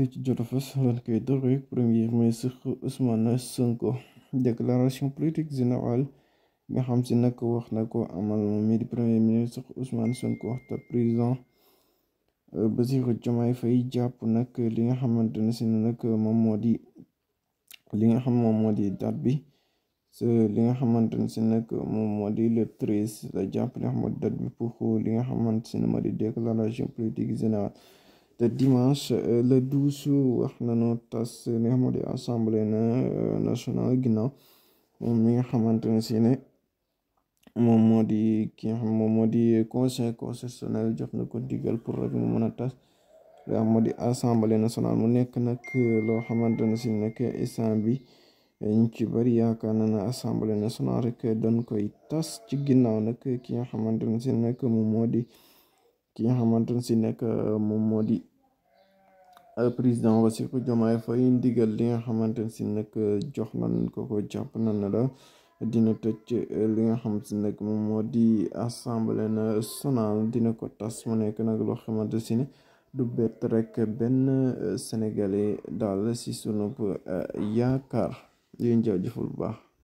fii ci fu fës lan koy dore premier ministre Ousmane Sonko déclaration politique générale nga xam si nag wax na ko amal mi di premier ministre Ousmane Sonko te président euh, Bassirou Diomaye Faye jàpp nag li nga xamante ne si nag moom moo di li nga xam moom moo di date bi se li nga xamante ne si nag moom moo di le treize la jàpp li nga xamante date bi pour li nga xamante si ne moo di déclaration politique générale te dimanche euh, le douze wax nañu tas li nga xamante assemblée euh, nationale ginnaaw moom mi nga xamante ne si ne moom moo di ki nga xam moom moo di conseil constitutionnel jox na ko digal pour rek mu mën a tas li nga xamante assemblée nationale mu nekk nag euh, loo xamante ne si nekk instant bi ñu ci bari yaakaar na ne assemblée nationale rek dañ koy tas ci ginnaaw nag ki nga xamante ne si nekk moom moo di. ki nga xamante ne si nekk euh, moom moo di euh, président Bassirou Diomaye Faye ndigal li nga xamante ne si nekk euh, jox nañ ko ko jàpp na ne la dina toj li nga xam si nekk moom moo di assemblée nationale dina ko tas mu nekk nag loo xamante si ne du bett rek benn sénégalais daal si sunub yaakaar yéen jaajëfal bu baax